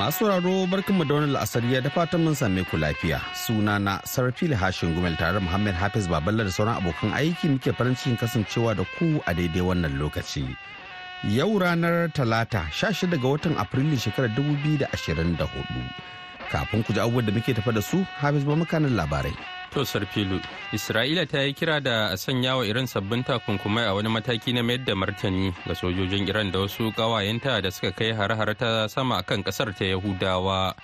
Masu raro barkanmu da wani la'asariya da fatan mun same ku lafiya. Suna na sarfi Hashin Gumel tare Muhammad Hafiz Baballa da sauran abokan aiki muke farin cikin kasancewa da ku a daidai wannan lokaci. Yau ranar Talata 16 ga watan Afrilu shekarar 2024. Kafin ku ji abubuwan da muke tafa da su, Hafiz ba kanin labarai. To Sarfilu, Isra'ila ta yi kira da a sanya wa Iran sabbin takunkumai a wani mataki na mayar da martani ga sojojin Iran da wasu ƙawayenta da suka kai har-har ta sama akan ƙasar ta Yahudawa.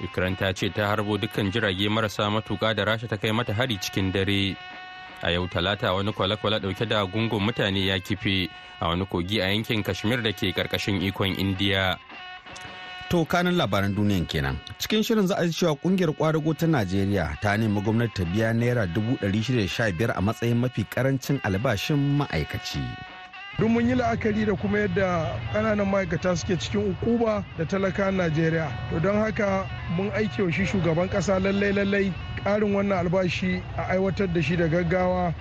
Ukraine ta ce ta harbo dukkan jirage marasa matuka da Rasha ta kai mata hari cikin dare. A yau Talata wani kwale-kwale dauke da gungun mutane ya kife a wani kogi a yankin Kashmir da ke karkashin ikon Indiya. To kanin labaran duniyan kenan. Cikin shirin za a cewa kungiyar kwadago ta Najeriya ta nemi gwamnati ta biya naira biyar a matsayin mafi karancin albashin ma'aikaci. duk mun yi la'akari da kuma yadda ƙananan ma'aikata suke cikin ukuba da talaka najeriya to don haka mun aike wa shi shugaban ƙasa lallai lallai ƙarin wannan albashi a aiwatar da shi da gaggawa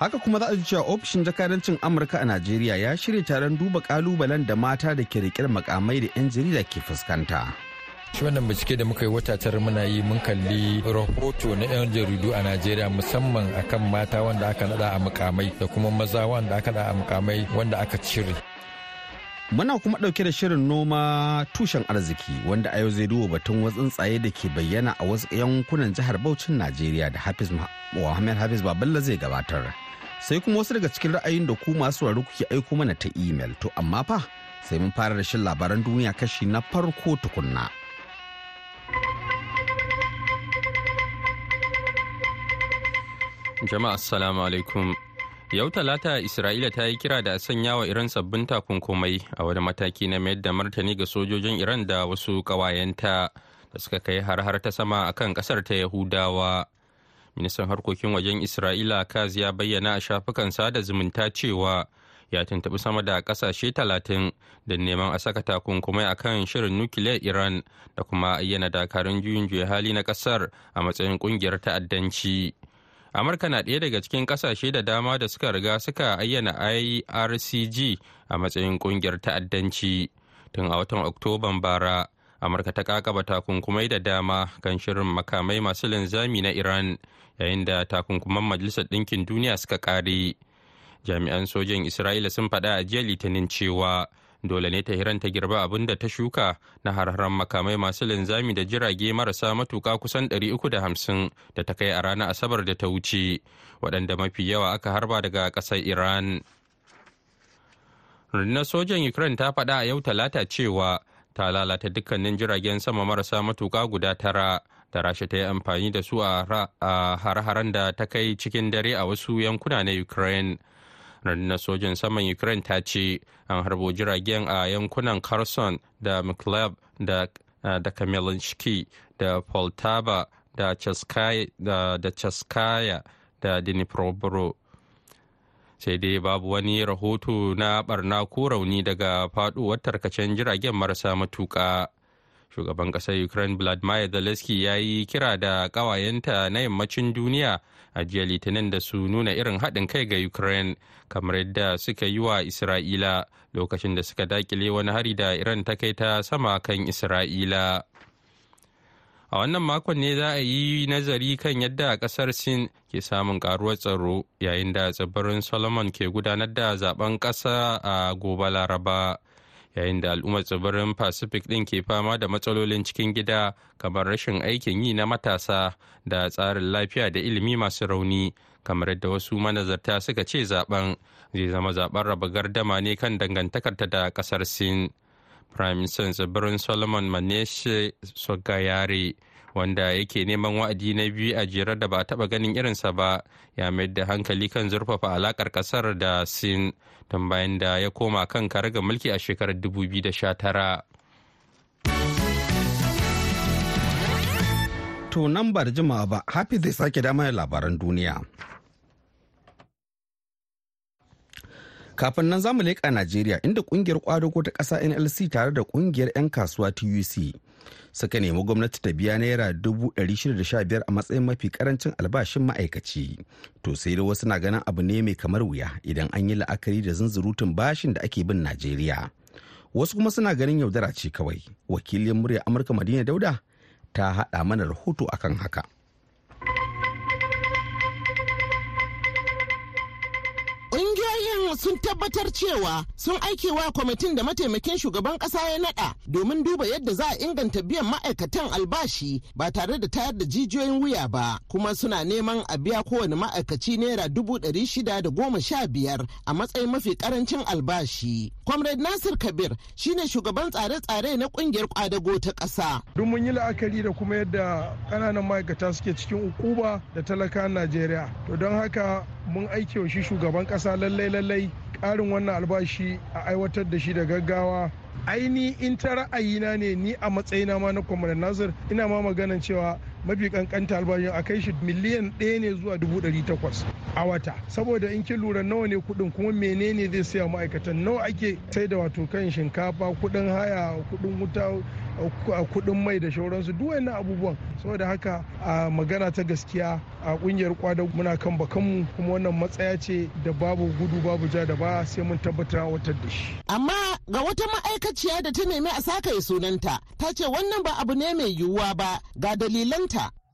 haka kuma za a ji cewa ofishin jakadancin amurka a najeriya ya shirya taron duba kalubalen da mata da ke rikir makamai da 'yan jarida ke fuskanta shi wannan bincike da muka yi wata tara muna yi mun kalli rahoto na 'yan jaridu a najeriya musamman akan mata wanda aka nada a mukamai da kuma maza wanda aka nada a mukamai wanda aka cire muna kuma dauke da shirin noma tushen arziki wanda a yau zai duba batun watsin tsaye da ke bayyana a wasu yankunan jihar Bauchin Najeriya da Hafiz Muhammad Hafiz Baballa zai gabatar. sai kuma wasu daga cikin ra'ayin da ku masu sauraro kuke aiko mana ta imel to amma fa sai mun fara da shin labaran duniya kashi na farko tukunna. Jama'a assalamu alaikum. Yau talata Isra'ila ta yi kira da a sanya wa Iran sabbin takunkumai a wani mataki na mayar da martani ga sojojin Iran da wasu ƙawayenta da suka kai har har ta sama akan kasar ta Yahudawa. ministan harkokin wajen isra'ila kaz ya bayyana a shafukan sada zumunta cewa ya tuntuɓi sama da ƙasashe talatin da neman a saka takunkumai a kan shirin nukiliyar iran da kuma ayyana dakarun juyin juya hali na ƙasar a matsayin ƙungiyar ta'addanci amurka na ɗaya daga cikin ƙasashe da dama da suka riga suka ayyana ircg a matsayin ƙungiyar ta'addanci tun a watan oktoban bara amurka ta kakaba takunkumai da dama kan shirin makamai masu linzami na iran yayin da takunkuman majalisar ɗinkin duniya suka ƙare jami'an sojan isra'ila sun faɗa a jiya litinin cewa dole ne hiran ta girba abin da ta shuka na harharan makamai masu linzami da jirage marasa matuka kusan 350 da ta kai a ranar asabar da ta wuce waɗanda mafi yawa aka harba daga ƙasar iran rundunar sojan ukraine ta faɗa a yau talata cewa ta lalata dukkanin jiragen sama marasa matuka guda tara da rasha ta yi amfani da su a har-haren da ta kai cikin dare a wasu yankuna na ukraine rundunar sojin saman ukraine ta ce an harbo jiragen a yankunan carson da mcleod da da kamelinski da poltava da chaskaya da dnipropetrovsk sai dai babu wani rahoto na barna ko rauni daga faduwar tarkacen jiragen marasa matuka shugaban kasar ukraine vladimir zelensky ya yi kira da kawayenta na yammacin duniya a jiya litinin da su nuna irin haɗin kai ga ukraine kamar yadda suka yi wa isra'ila lokacin da suka dakile wani hari da iran ta kai ta sama kan isra'ila a wannan makon ne za a yi nazari kan yadda kasar sin ke samun karuwar tsaro yayin da tsibirin solomon ke gudanar da zaben kasa a gobe laraba yayin da al'ummar tsibirin pacific din ke fama da matsalolin cikin gida kamar rashin aikin yi na matasa da tsarin lafiya da ilimi masu rauni kamar yadda wasu manazarta suka ce zaben zai zama zaben raba gardama ne kan dangantakarta da kasar sin minister tsibirin solomon maneshe yare wanda yake neman wa'adi na biyu a jere da ba a taba ganin irinsa ba ya mayar da hankali kan zurfafa alakar kasar da sin tun bayan da ya koma kan karga mulki a shekarar 2019 To nan ba da jimawa ba, hafi zai sake dama labaran duniya. Kafin nan zamu leƙa Najeriya inda kungiyar kwadago ta ƙasa NLC tare da kungiyar 'yan kasuwa TUC suka nemi gwamnati ta biya naira 615 a matsayin mafi karancin albashin ma'aikaci. To sai da wasu na ganin abu ne mai kamar wuya idan an yi la'akari da zunzurutun bashin da ake bin Najeriya. Wasu kuma suna ganin yaudara ce kawai. Wakilin murya Amurka Madina Dauda ta haɗa mana rahoto akan haka. kuma sun tabbatar cewa sun aikewa kwamitin da mataimakin shugaban kasa ya naɗa domin duba yadda za a inganta biyan ma'aikatan albashi ba tare da tayar da jijiyoyin wuya ba kuma suna neman a biya kowane ma'aikaci naira dubu dari shida da goma sha biyar a matsayin mafi karancin albashi. Comrade Nasir Kabir shine shugaban tsare-tsare na kungiyar kwadago ta kasa. Duk mun yi la'akari da kuma yadda kananan ma'aikata suke cikin ukuba da talaka Najeriya. To don haka mun aikewa shi shugaban kasa lallai lallai ƙarin wannan albashi a aiwatar da shi da gaggawa aini in ta ra'ayina ne ni a matsayina ma na kwamar nazar ina ma maganan cewa mafi kankanta albashin a kai shi miliyan ɗaya ne zuwa dubu ɗari takwas a wata saboda in kin lura nawa ne kuɗin kuma menene zai saya ma'aikatan nawa ake sai da wato kan shinkafa kuɗin haya kuɗin wuta kuɗin mai da shauransu duk wannan abubuwan saboda haka a magana ta gaskiya a ƙungiyar kwada muna kan bakanmu kuma wannan matsaya ce da babu gudu babu ja da ba sai mun tabbatar watar da shi amma ga wata ma'aikaciya da ta nemi a sakaye sunanta ta ce wannan ba abu ne mai yiwuwa ba ga dalilan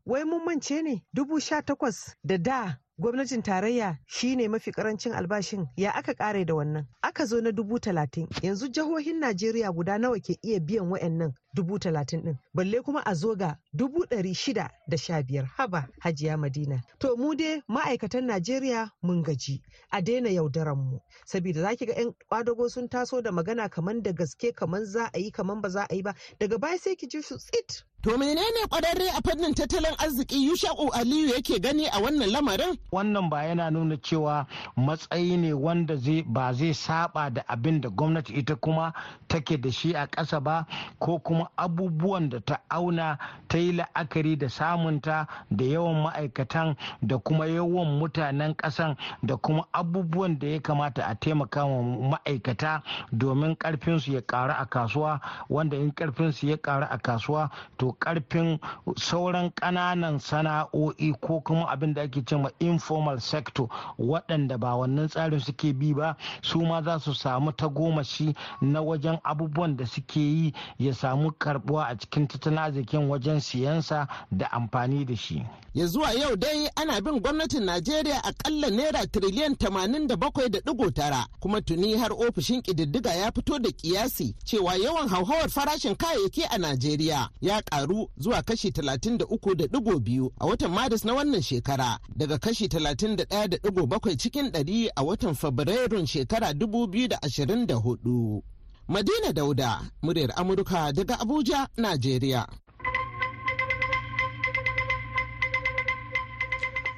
Wai mun mance ne dubu sha takwas da da gwamnatin tarayya shine mafi karancin albashin ya aka kare da wannan aka zo na dubu talatin yanzu jihohin najeriya guda nawa ke iya biyan wayannan dubu talatin din balle kuma a zo ga dubu ɗari shida da sha biyar haba hajiya madina to mu dai ma'aikatan najeriya mun gaji a daina yaudaran mu saboda zaki ga yan kwadago sun taso da magana kaman da gaske kaman za a yi kaman ba za a yi ba daga baya sai ki ji su tsit To menene kwararre a fannin tattalin arziki Yusha'u Aliyu yake gani a wannan lamarin? Wannan ba yana nuna cewa matsayi ne wanda ba zai saba da abin da gwamnati ita kuma take da shi a ƙasa ba ko kuma abubuwan da ta auna ta yi la'akari da samunta da yawan ma'aikatan da kuma yawan mutanen kasan da kuma abubuwan da ya kamata a taimaka wa ma'aikata domin ƙarfinsu ya ƙaru a kasuwa wanda in ƙarfinsu ya ƙaru a kasuwa to ƙarfin sauran ƙananan sana'o'i ko kuma abin da ake cewa informal sector waɗanda ba wannan tsarin suke bi ba su ma za su samu tagomashi na wajen abubuwan da suke yi ya samu karbuwa a cikin tattalin arzikin wajen siyansa da amfani da shi. Ya zuwa yau dai ana bin gwamnatin Najeriya akalla naira tiriliyan tamanin da da bakwai digo tara kuma tuni har ofishin ƙididdiga ya fito da kiyasi cewa yawan hauhawar farashin kayayyaki a Najeriya ya karu zuwa kashi talatin da da uku digo biyu a watan Maris na wannan shekara daga kashi talatin da da digo bakwai cikin ɗari a watan Fabrairun shekara dubu biyu da da ashirin hudu. Madina Dauda, muryar Amurka daga Abuja, Najeriya.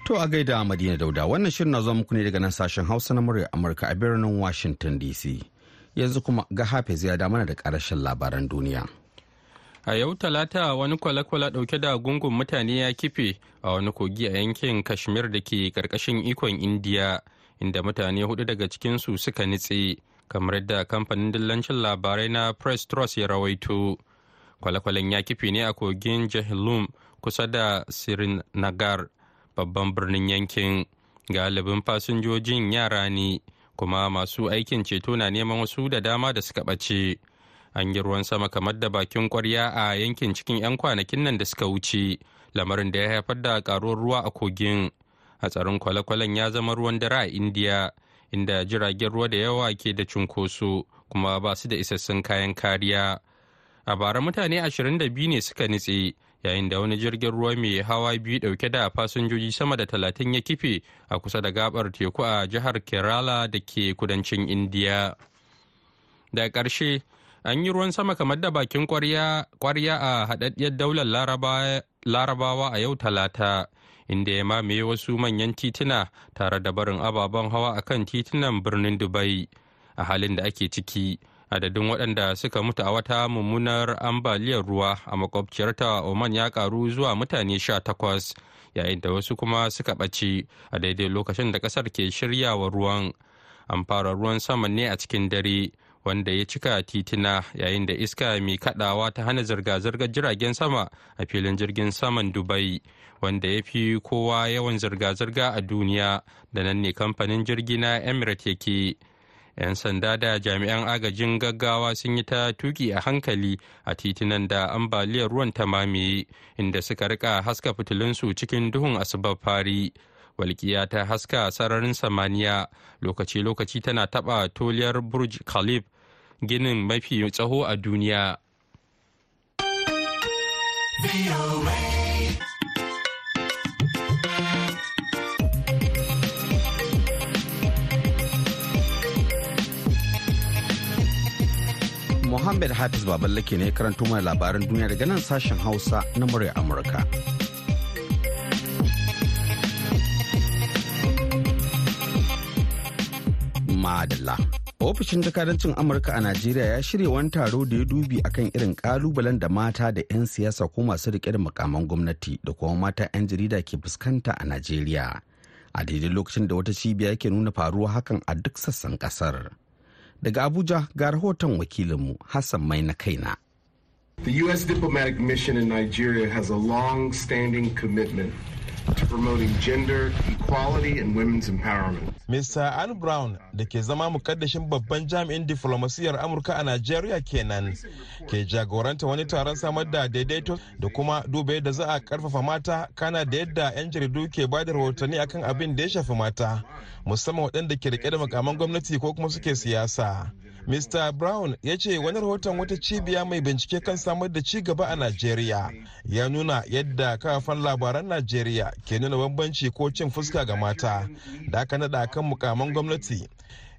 To a gaida Madina Dauda, wannan shirin na zuwa muku ne daga nan sashen Hausa na muryar Amurka a birnin Washington DC. Yanzu kuma ga hafe ya da mana da karashin labaran duniya. A yau talata wani kwale-kwale dauke da gungun mutane ya kife a wani kogi a yankin Kashmir da ke karkashin ikon Indiya, inda mutane hudu daga cikinsu suka nitse. kamar yadda kamfanin dillancin labarai na press trust ya rawaito kwale-kwalen ya kifi ne a kogin jahilum kusa da sirinagar babban birnin yankin galibin fasinjojin yara ne kuma masu aikin ceto na neman wasu da dama da suka ɓace an yi ruwan sama kamar da bakin kwarya a yankin cikin 'yan kwanakin nan da suka wuce lamarin da ya haifar da karuwar ruwa a kogin hatsarin kwale-kwalen ya zama ruwan dare a indiya inda jiragen ruwa da yawa ke da cunkoso kuma ba su da isassun kayan kariya a bara mutane 22 ne suka nitse yayin da wani jirgin ruwa mai hawa biyu dauke da fasinjoji sama da talatin ya kife a kusa da gabar teku a jihar kerala da ke kudancin indiya da ƙarshe an yi ruwan sama kamar da bakin kwarya a haɗaɗɗiyar daular larabawa a yau talata inda ya mamaye wasu manyan tituna tare da barin ababen hawa a kan titunan birnin dubai a halin da ake ciki adadin waɗanda suka mutu a wata mummunar ambaliyar ruwa a makwabciyar ta oman ya karu zuwa mutane sha takwas yayin da wasu kuma suka ɓace a daidai lokacin da ƙasar ke shiryawa ruwan an fara ruwan sama ne a cikin dare wanda ya cika titina yayin da iska mai kadawa ta hana zirga-zirgar jiragen sama a filin jirgin saman dubai wanda ya fi kowa yawan zirga-zirga a duniya da nan ne kamfanin jirgi na emirates yake 'yan sanda da jami'an agajin gaggawa sun yi ta tuki a hankali a titunan da ambaliyar ruwan ta mamaye inda suka rika haska fitilunsu cikin duhun asubar fari walƙiya ta haska sararin samaniya lokaci-lokaci tana taɓa toliyar burj khalif ginin mafi tsaho a duniya. Muhammad Hafiz Baballake ne karanto mai labaran duniya daga nan sashen Hausa na murya Amurka. Madalla. ofishin jakadancin amurka a najeriya ya shirya wani taro da ya dubi akan irin kalubalen da mata da 'yan siyasa ko masu riƙe da makaman gwamnati da kuma mata 'yan jarida ke fuskanta a najeriya a daidai lokacin da wata cibiya yake nuna faruwa hakan a duk sassan ƙasar. daga abuja ga rahoton wakilinmu hassan mai na kaina The U.S. diplomatic mission in Nigeria has a long-standing commitment to promoting gender equality and women's empowerment. Mr. Anne Brown da ke zama mukaddashin babban jami'in diflomasiyyar Amurka a Najeriya kenan ke jagoranta wani taron samar da daidaito da kuma duba da za a karfafa mata kana da yadda 'yan jaridu ke ba da rahotanni akan abin da ya shafi mata musamman waɗanda ke rike da makaman gwamnati ko kuma suke siyasa. Mr. Brown ya ce wani rahoton wata cibiya mai bincike kan samar da ci gaba a Najeriya ya nuna yadda kafan labaran Najeriya ke nuna bambanci ko cin fuska ga mata da aka nada kan mukaman gwamnati.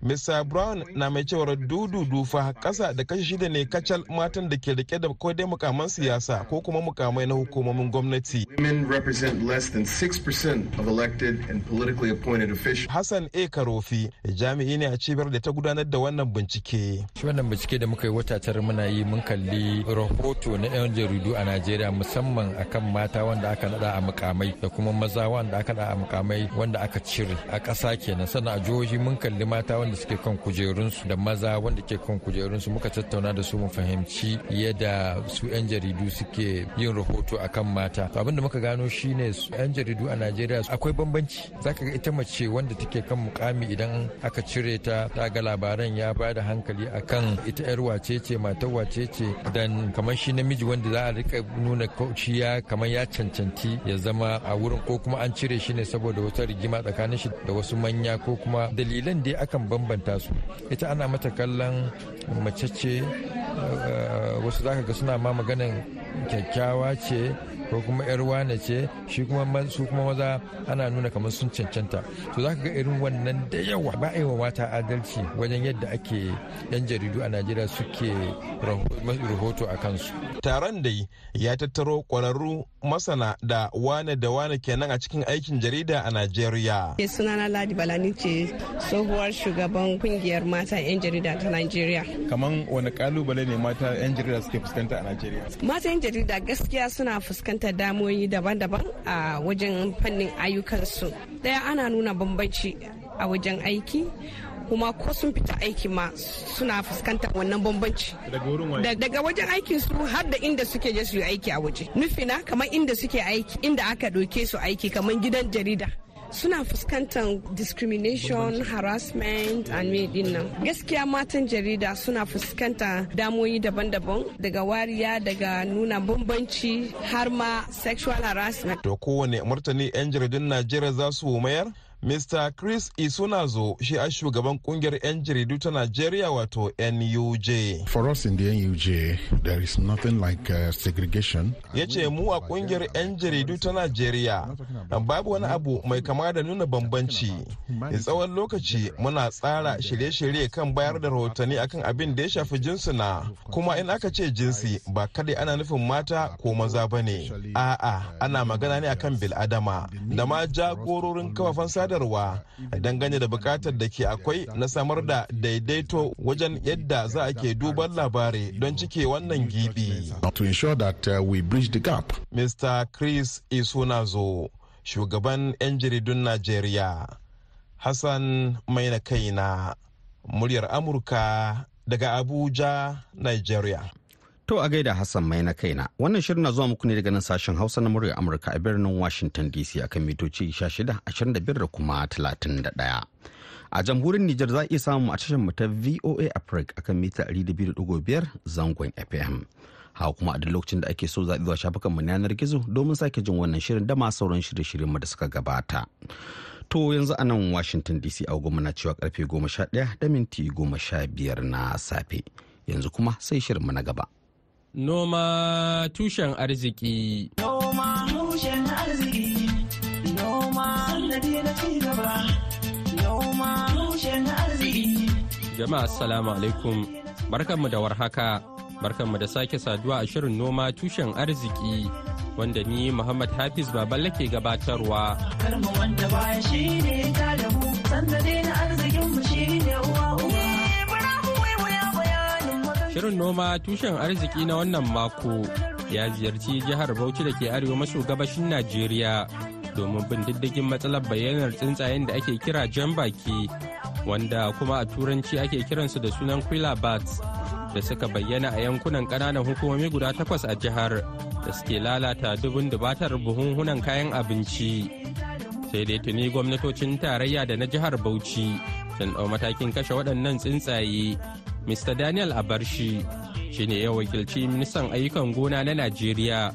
Mr. Brown na mai cewar dudu dufa kasa da kashi shida ne kacal matan da ke rike da ko dai mukaman siyasa ko kuma mukamai na hukumomin gwamnati. Hassan A. Karofi jami'i ne a cibiyar da ta gudanar da wannan bincike. Shi wannan bincike da muka yi wata tara muna yi mun kalli rahoto na 'yan jaridu a Najeriya musamman akan mata wanda aka nada a mukamai da kuma maza wanda aka nada a mukamai wanda aka cire a ƙasa kenan sannan a jihohi mun kalli mata waɗanda suke kan kujerunsu da maza wanda ke kan kujerunsu muka tattauna da su mu fahimci yadda su 'yan jaridu suke yin rahoto a kan mata abin da muka gano shine su 'yan jaridu a najeriya akwai bambanci za ka ga ita mace wanda take kan mukami idan aka cire ta ta ga labaran ya ba da hankali a kan ita 'yar wace ce matar wace ce dan kamar shi namiji wanda za a rika nuna kauci ya kamar ya cancanci ya zama a wurin ko kuma an cire shi ne saboda wata rigima tsakanin shi da wasu manya ko kuma dalilan dai akan bambanta su ita ana mata kallon mace ce eh, wasu zaka ga suna ma maganin kyakkyawa ce ko kuma yar wane ce shi kuma su kuma maza ana nuna kamar sun cancanta to zaka ga irin wannan da yawa ba a yi wa mata adalci wajen yadda ake yan jaridu a najeriya suke rahoto a kansu taron da ya tattaro kwararru masana da wane da wane kenan a cikin aikin jarida a Najeriya. Ke eh, sunana Ladi Balani ce tsohuwar shugaban kungiyar mata 'yan jarida ta Najeriya. Kaman wani kalubale ne mata 'yan jarida suke fuskanta a Najeriya? Mata 'yan jarida gaskiya suna fuskantar damoyi daban-daban a wajen fannin ayyukansu. Daya ana nuna bambanci a wajen aiki kuma ko sun fita aiki ma suna fuskantar wannan bambanci daga wajen aikin su har da inda suke je su yi aiki a waje nufina kamar inda suke aiki inda aka ɗauke su aiki kamar gidan jarida suna fuskantar discrimination harassment and me din nan gaskiya matan jarida suna fuskanta damoyi daban-daban daga wariya daga nuna bambanci har ma sexual harassment to kowane martani 'yan jaridun najeriya za su mayar Mr. Chris Isunazo shi a shugaban kungiyar 'yan jaridu ta Najeriya wato NUJ. For us in the NUJ, there is nothing like uh, segregation. Ya ce mu a kungiyar 'yan jaridu ta Najeriya, babu wani abu mai kama da nuna bambanci. tsawon lokaci muna tsara shirye-shirye kan bayar da rahotanni akan abin da ya shafi jinsuna. Kuma in aka ce jinsi ba kadai ana nufin mata ko maza ba ne. A'a, ana magana ne akan bil'adama da ma jagororin kafafen sada sadarwa dangane da bukatar da ke akwai na samar da daidaito wajen yadda za a ke duban labarai don cike wannan gibi. Uh, Mr. Chris Isunazo, shugaban 'yan jaridun Najeriya, Hassan Maina Kaina, muryar Amurka daga Abuja, Nigeria. To a gaida Hassan mai na kaina. Wannan shirin na zuwa muku ne daga nan sashen Hausa na murya Amurka a birnin Washington DC a kan mitoci 1625 da kuma 31. a jamhurin Nijar za a iya samu a tashar mu ta VOA Africa kan mita 200.5 zangon FM. Hawa kuma a duk lokacin da ake so zaɓi zuwa shafukan mu yanar gizo domin sake jin wannan shirin da ma sauran shirye-shiryen mu da suka gabata. To yanzu a nan Washington DC a goma na cewa karfe 11 da minti 15 na safe. Yanzu kuma sai shirin mu na gaba. Noma tushen arziki. Noma tushen arziki. Noma na ci gaba. Noma tushen arziki. Jama'a assalamu alaikum. Barkanmu da warhaka. Barkanmu da sake saduwa a shirin noma tushen arziki. Wanda ni Muhammad Hafiz Baballe ke gabatarwa. Karma wanda baya shi ne ta da mu, sannadi na arzikinmu shi ne uwa uwa. Shirin noma tushen arziki na wannan mako ya ziyarci jihar Bauchi da ke arewa maso gabashin Najeriya domin bin diddigin matsalar bayyanar tsuntsayen da ake kira jan baki wanda kuma a turanci ake kiransu da sunan quilla bats da suka bayyana a yankunan kananan hukumomi guda takwas a jihar da suke lalata dubun dubatar buhunhunan kayan abinci sai dai tuni gwamnatocin tarayya da na jihar bauchi sun matakin kashe waɗannan tsuntsaye Mr. Daniel Abarshi shi ne ya wakilci ministan ayyukan gona na Najeriya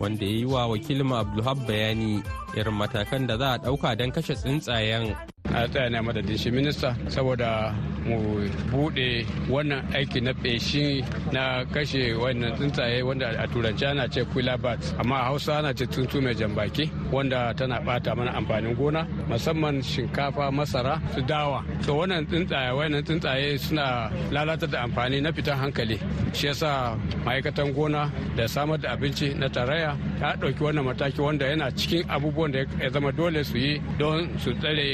wanda ya yi wa wakilin Abdulhab bayani irin matakan da za a ɗauka don kashe tsuntsayen. a tsaya na madadin shi minista saboda mu bude wannan aiki na feshi na kashe wannan tsuntsaye wanda a turanci ana ce kula bat amma hausa ana ce tuntu mai jambaki wanda tana bata mana amfanin gona musamman shinkafa masara su dawa to wannan tsuntsaye wannan tsuntsaye suna lalata da amfani na fitan hankali shi yasa ma'aikatan gona da samar da abinci na tarayya ta ɗauki wannan mataki wanda yana cikin abubuwan da ya zama dole su yi don su tsare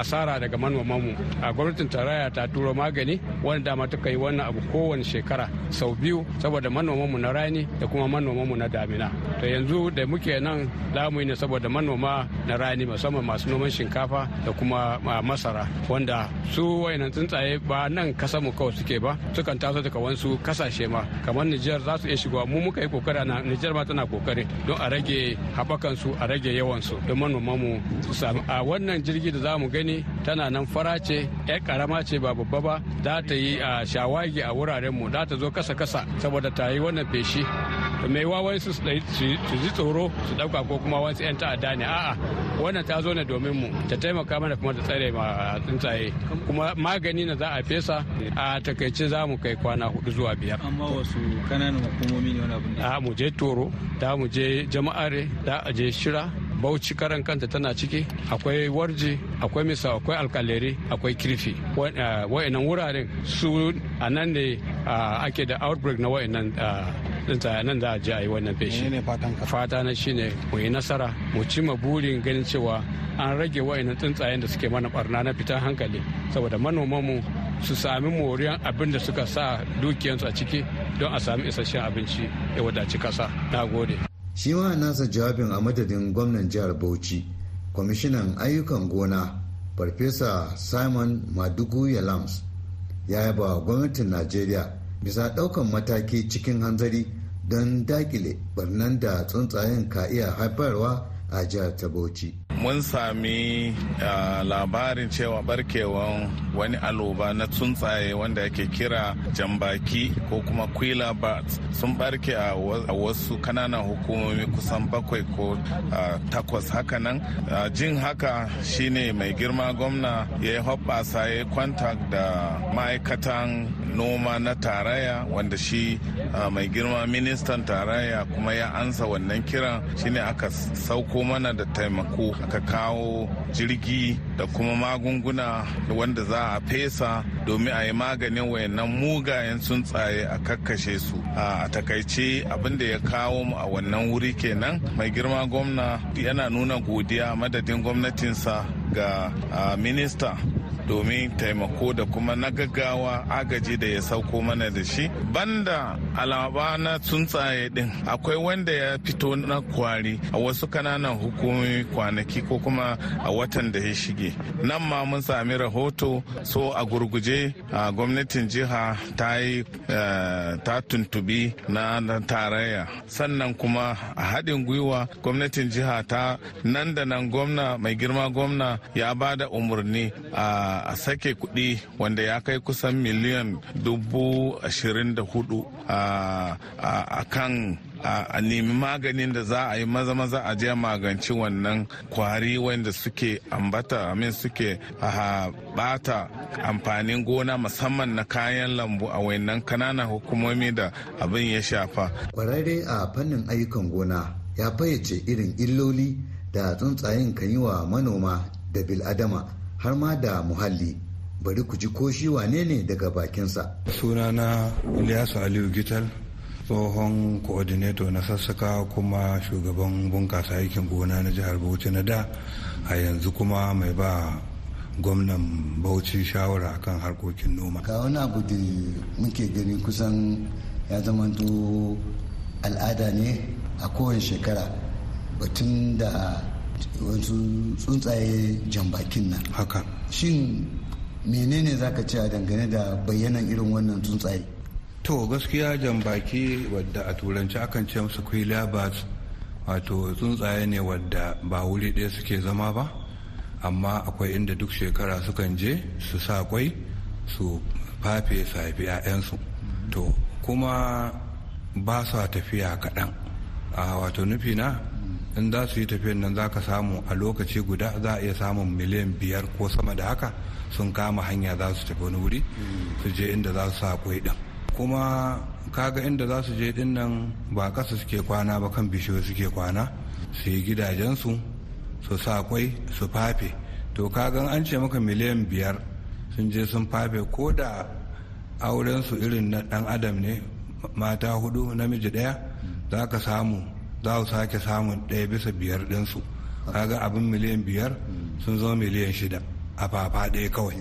asara daga manomanmu a gwamnatin tarayya ta turo magani wani dama ta kai wannan abu kowane shekara sau biyu saboda manomanmu na rani da kuma manomanmu na damina to yanzu da muke nan za mu mu ne saboda manoma na rani musamman masu noman shinkafa da kuma masara wanda su wayannan tsuntsaye ba nan kasa mu kawai suke ba sukan taso daga wasu kasashe ma kamar Nijar za su iya shigowa mu muka yi kokari a Nijar ma tana kokari don a rage haɓakan su a rage yawan su don manoma mu su samu a wannan jirgi da za mu gani tana nan fara ce yar karama ce ba babba ba za ta yi shawagi a wuraren mu za ta zo kasa kasa saboda ta yi wannan feshi mai wawai su ji tsoro su dauka ko kuma wasu 'yan ta'adda ne a'a wannan ta zo ne domin mu ta taimaka mana kuma ta tsare ma tsuntsaye kuma magani na za a fesa a takaice za mu kai kwana hudu zuwa biyar amma wasu kananan hukumomi ne wani abu ne a mu je toro da mu je jama'are da a je shira bauchi karan kanta tana ciki akwai warji akwai misa akwai alkalere akwai kirfi wa'annan eh, wuraren su a nan ne eh, ake da outbreak na wa'annan dinta eh, nan da a je a yi wannan feshi fata na shine mu yi nasara mu ma burin ganin cewa an rage wa'annan tsuntsayen da suke mana barna na fitan hankali saboda manomanmu su sami moriyan abin da suka sa dukiyansu a ciki don a sami isasshen abinci ya wadaci kasa na gode shi ma nasa jawabin a madadin gwamnan jihar bauchi kwamishinan ayyukan gona farfesa simon madugu yalams ya yaba gwamnatin najeriya bisa ɗaukan mataki cikin hanzari don dakile barnan da tsuntsayen ka iya haifarwa a jihar ta Bauchi. Mun sami labarin cewa barkewan wani aloba na tsuntsaye wanda yake kira jambaki ko kuma kwila bats sun barke a wasu kananan hukumomi kusan bakwai ko takwas hakanan. Jin haka shine mai girma gwamna ya yi hoɓɓasa ya yi kwantak da ma'aikatan noma na tarayya wanda shi mai girma ministan tarayya kuma ya ansa wannan kiran shine aka sauko aiko mana da taimako ka kawo jirgi da kuma magunguna wanda za a fesa domin a yi maganin wayannan mugayen tsuntsaye a kakkashe su a takaice abin da ya kawo mu a wannan wuri kenan mai girma gwamna yana nuna godiya madadin gwamnatinsa ga minista domin taimako da kuma na gaggawa agaji da ya sauko mana da shi banda alaba na tsuntsaye din akwai wanda ya fito na kwari a wasu kananan hukumomi kwanaki ko kuma a watan da ya shige nan ma mun sami rahoto so a gurguje a gwamnatin jiha ta yi eh, ta tuntubi na tarayya sannan kuma a haɗin gwiwa gwamnatin jiha ta nan da nan gwamna mai girma gwamna ya ba da umarni a sake kuɗi wanda ya kai kusan miliyan dubu ashirin da hudu a a kan a nemi maganin da za a yi maza maza a je magance wannan kwari wanda suke ambata amin suke bata amfanin gona musamman na kayan lambu a wannan kanana hukumomi da abin ya shafa kwararre a fannin ayyukan gona ya fayyace irin illoli da tsuntsayen kan yi wa manoma da bil'adama har ma da muhalli bari ku ji ko shi wane ne daga bakinsa. sunana ilyasu aliyu gital tsohon koordinator na sassaka kuma shugaban bunkasa aikin gona na jihar bauchi na da a yanzu kuma mai ba gwamnan bauchi shawara kan harkokin noma ga wani abu da muke gani kusan ya to al'ada ne a kowane shekara batun da wasu tsuntsaye jan bakin nan haka shin menene za ka ce a dangane da bayyanan irin wannan tsuntsaye to gaskiya jan baki wadda a turanci akan ce musu kwila wato tsuntsaye ne wadda ba wuri ɗaya suke zama ba amma akwai inda duk shekara sukan je su sa kwai su fafe su haifi 'ya'yansu to kuma ba sa tafiya kaɗan a wato nufi na in za su yi tafiyan nan za ka samu a lokaci guda za a iya samun miliyan biyar ko sama da haka sun kama hanya za su tafi wani wuri su je inda za su sa kwai din kuma kaga inda za su je din nan ba ƙasa suke kwana ba kan bishiyoyi suke kwana su yi gidajensu su sa kwai su fafe to kagan an ce maka miliyan biyar sun je sun fafe ko da aurensu irin na dan adam ne mata hudu namiji ɗaya za ka samu za su sake samun ɗaya bisa biyar ɗinsu kaga abin miliyan biyar sun zo miliyan shida a fafa ɗaya kawai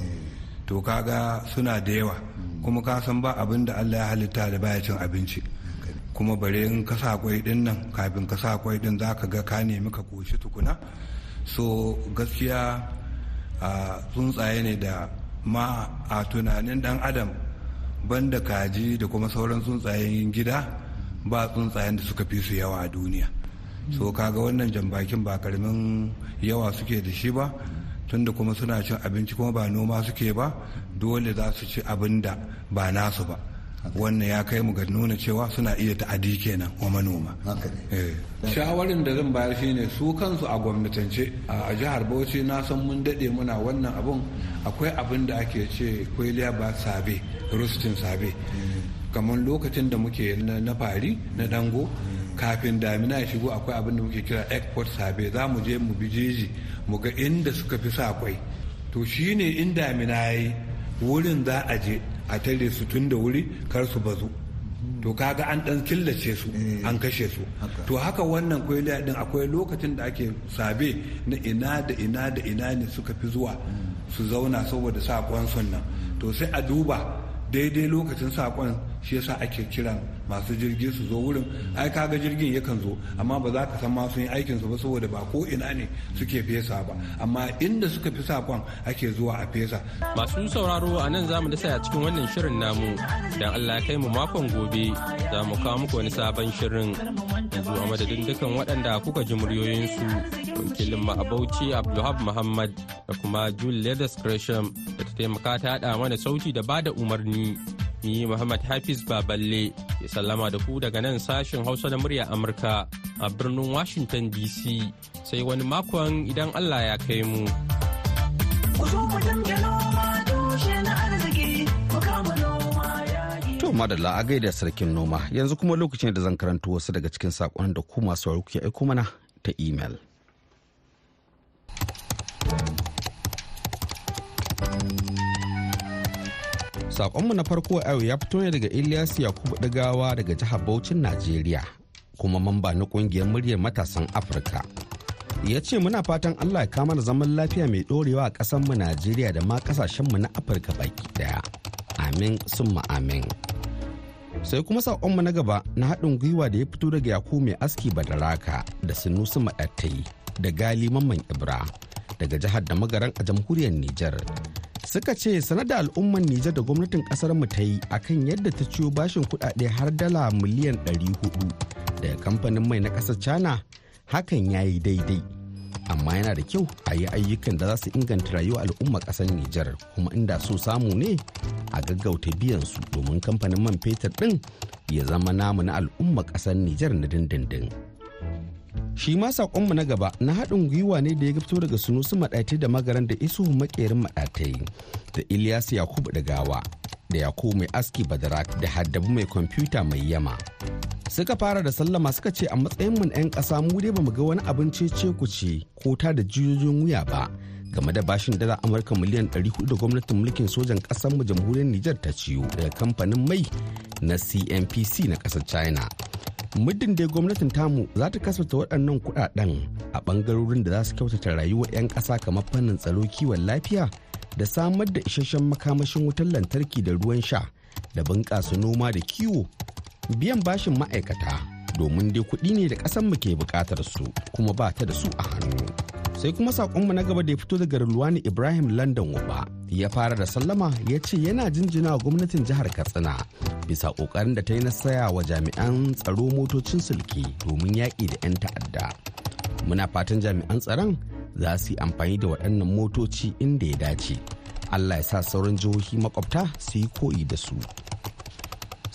to kaga suna da yawa kuma ka san ba abin da Allah ya halitta da baya cin abinci kuma bare in ka sa kwai din nan kafin ka sa kwai din ka ga ka nemi ka koshi tukuna so gaskiya tsuntsaye ne da ma a tunanin dan adam banda kaji da kuma sauran tsuntsayen gida ba tsuntsayen da suka fi su yawa a duniya so kaga wannan jambakin ba karamin yawa suke da shi ba tunda kuma suna cin abinci kuma ba noma suke ba dole za su ci abin da ba nasu ba wannan ya kai mu ga nuna cewa suna iya ta'adi kenan wa manoma eh. shawarin da zan bayar shine su kansu a gwamnatance a jihar bauchi na san mun dade muna wannan abun akwai abin da ake ce kweliya ba sabe rustin sabe mm. kamar lokacin da muke na fari na dango mm. kafin damina ya shigo akwai abin da muke kira export sabe za mu je mu bi jeji mu ga inda suka fi sa kwai to shine in damina yayi wurin za a je a tare su tun da wuri kar su bazu to kaga an dan killace su eh, an kashe su to haka wannan kwaliya din akwai lokacin da ake sabe na ina da ina da ina ne suka fi zuwa su zauna saboda sakon nan to sai a duba daidai lokacin sakon shi yasa ake kiran masu jirgi su zo wurin ai ga jirgin yakan zo amma ba za ka san ma sun yi aikin su ba saboda ba ko ina ne suke fesa ba amma inda suka fi sakon ake zuwa a fesa masu sauraro a nan zamu dasa a cikin wannan shirin namu dan Allah ya kai mu makon gobe za mu kawo muku wani sabon shirin yanzu a madadin dukan waɗanda kuka ji muryoyin su mu a Bauchi Abdulhab Muhammad da kuma Jule Leathers Gresham da ta taimaka ta haɗa mana sauti da bada umarni ni Muhammad Hafiz Baballe ya sallama da ku daga nan sashen Hausa na murya Amurka a birnin Washington DC sai wani makon idan Allah ya kai mu. To da a gaida sarkin noma yanzu kuma lokacin da zan karanto wasu daga cikin saƙon da ku masu aiko mana ta imel. Sakonmu na farko a yau ya fito ne daga Ilyas Yakubu dagawa daga jihar Bauchin Najeriya kuma mamba na ƙungiyar muryar matasan Afirka. Ya ce muna fatan Allah ya kama da zaman lafiya mai dorewa a ƙasarmu Najeriya da ma ƙasashenmu na Afirka baki daya. Amin summa amin. Sai kuma sakonmu na gaba na haɗin gwiwa da ya fito daga Yakubu mai aski badaraka da Sinusu Maɗattai da Gali Mamman Ibra. daga jihar da magaran a jamhuriyar Nijar. Suka ce sanada al'umman Nijar da gwamnatin kasar mu ta yi akan yadda ta ciyo bashin kudade har dala miliyan 400 daga kamfanin mai na kasar China hakan ya yi daidai. Amma yana da kyau a yi ayyukan da za su inganta rayuwa al'umma kasar Nijar kuma inda so samu ne a gaggauta biyan su domin kamfanin man fetur din ya zama namu na al'umma kasar Nijar na dindindin. shi ma sakonmu na gaba na haɗin gwiwa ne da ya gabto daga sunusu maɗatai da magaran da isuhu makerin maɗatai da ilyas yakubu da gawa da yakubu mai aski badarak da haddabu mai kwamfuta mai yama suka fara da sallama suka ce a matsayin mu na 'yan ƙasa mu dai bamu ga wani abin cece ku ce ko ta da jiyoyin wuya ba game da bashin dala amurka miliyan 400 da gwamnatin mulkin sojan mu jamhuriyar nijar ta ciyo daga kamfanin mai na cnpc na ƙasar china muddin dai gwamnatin tamu za ta kasafta waɗannan kuɗaɗen a ɓangarorin da za su kyautata rayuwar 'yan ƙasa kamar fannin tsaro kiwon lafiya da samar da isasshen makamashin wutar lantarki da ruwan sha da bunƙasa noma da kiwo biyan bashin ma'aikata domin dai kuɗi ne da ƙasar mu ke buƙatar su kuma ba ta da su a hannu sai kuma saƙonmu na gaba da ya fito daga Rulwani Ibrahim London Uba ya fara da sallama ya ce yana jinjina gwamnatin jihar Katsina bisa ƙoƙarin da ta yi na saya wa jami'an tsaro motocin sulki domin yaƙi da 'yan ta'adda. Muna fatan jami'an tsaron za su yi amfani da waɗannan motoci inda ya dace. Allah ya sa sauran jihohi makwabta su yi koyi da su.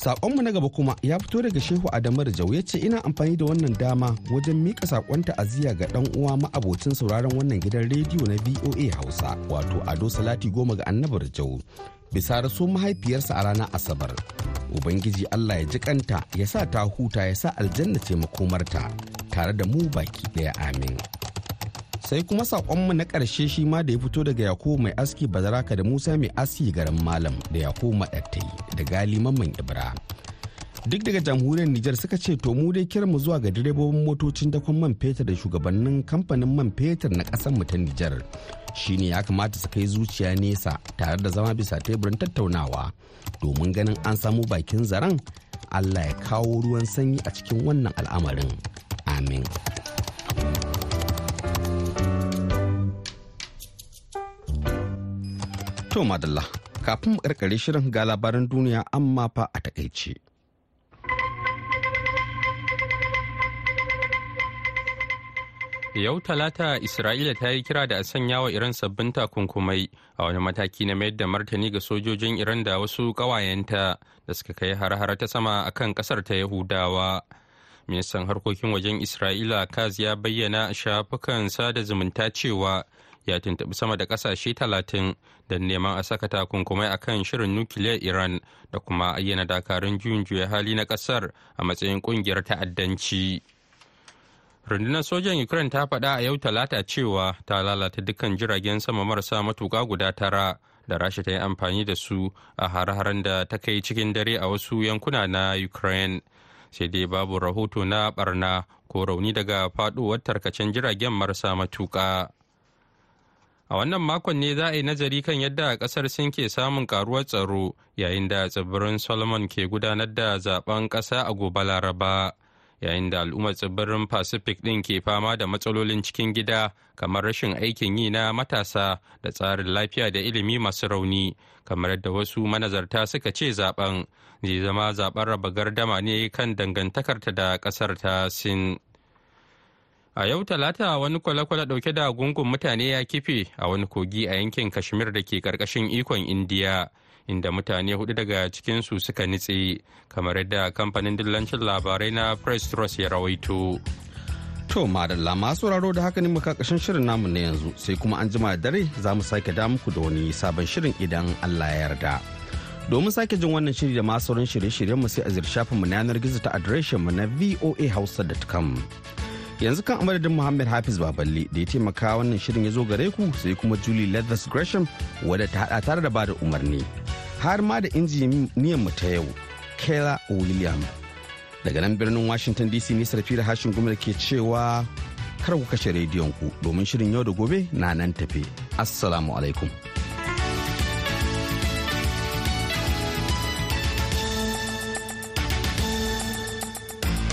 Sakonmu na gaba kuma ya fito daga Shehu Adamu Rijau ya ce ina amfani da wannan dama wajen mika sakon ta'aziyya ga dan uwa ma'abocin sauraron wannan gidan rediyo na VOA Hausa wato Ado Salati Goma ga Annabi Rijau bisa rasu mahaifiyarsa a ranar Asabar. Ubangiji Allah ya ji kanta ya sa ta huta ya sa aljanna ce makomarta tare da mu baki daya amin. sai kuma saƙonmu na ƙarshe shi ma da ya fito daga yakubu mai aski bazaraka da musa mai aski garin malam da yakubu maɗattai da gali mamman ibra duk daga jamhuriyar nijar suka ce to mu dai kiranmu zuwa ga direbobin motocin dakon man fetur da shugabannin kamfanin man fetur na ƙasar mu ta nijar shine ya kamata su kai zuciya nesa tare da zama bisa teburin tattaunawa domin ganin an samu bakin zaren allah ya kawo ruwan sanyi a cikin wannan al'amarin amin To madalla, kafin mu karkare shirin ga labaran duniya amma fa a takaice. Yau Talata Isra'ila ta yi kira da a sanya wa Iran sabbin takunkumai a wani mataki na mayar da martani ga sojojin Iran da wasu ƙawayenta da suka kai har-har ta sama a kan ƙasar ta Yahudawa. Ministan harkokin wajen Isra'ila Kaz ya bayyana shafukan sada zumunta cewa ya tuntuɓi sama da ƙasashe talatin da neman a saka takunkumai a kan shirin nukiliyar iran da kuma ayyana dakarun juyin juya hali na ƙasar a matsayin ƙungiyar ta'addanci rundunar sojan ukraine ta faɗa a yau talata cewa ta lalata dukkan jiragen sama marasa matuka guda tara da rasha ta yi amfani da su a har-haren da ta kai cikin dare a wasu yankuna na ukraine sai dai babu rahoto na barna ko rauni daga faɗuwar tarkacen jiragen marasa matuƙa. a wannan makon ne za a yi nazari kan yadda a kasar sin ke samun karuwar tsaro yayin da tsibirin solomon ke gudanar da zaben kasa a gobe laraba yayin da al'ummar tsibirin pacific din ke fama da matsalolin cikin gida kamar rashin aikin yi na matasa da tsarin lafiya da ilimi masu rauni kamar yadda wasu manazarta suka ce zaben zai zama zaben raba gardama ne kan dangantakarta da ƙasar ta sin A yau talata wani kwale-kwale dauke da gungun mutane ya kife a wani kogi a yankin Kashmir da ke karkashin ikon Indiya, inda mutane hudu daga cikinsu suka nitse, kamar yadda kamfanin dillancin labarai na Press Trust ya rawaito. To madalla masu raro da haka ne muka kashin shirin namu na yanzu sai kuma an jima da dare za mu sake da muku da wani sabon shirin idan Allah ya yarda. Domin sake jin wannan shiri da masu shirye-shiryen mu sai a ziyarci mu na yanar gizo ta adireshin mu na voahausa.com. yanzu kan amadadin muhammad hafiz baballe da ya taimaka wannan shirin ya zo gare ku sai kuma julie leathers gresham wadda ta hada tare da bada umarni har ma da injiniyan mu ta yau kayla william daga nan birnin washington dc ne sarfi da hashin gumar ke cewa kar ku kashe rediyon ku domin shirin yau da gobe na nan tafe assalamu alaikum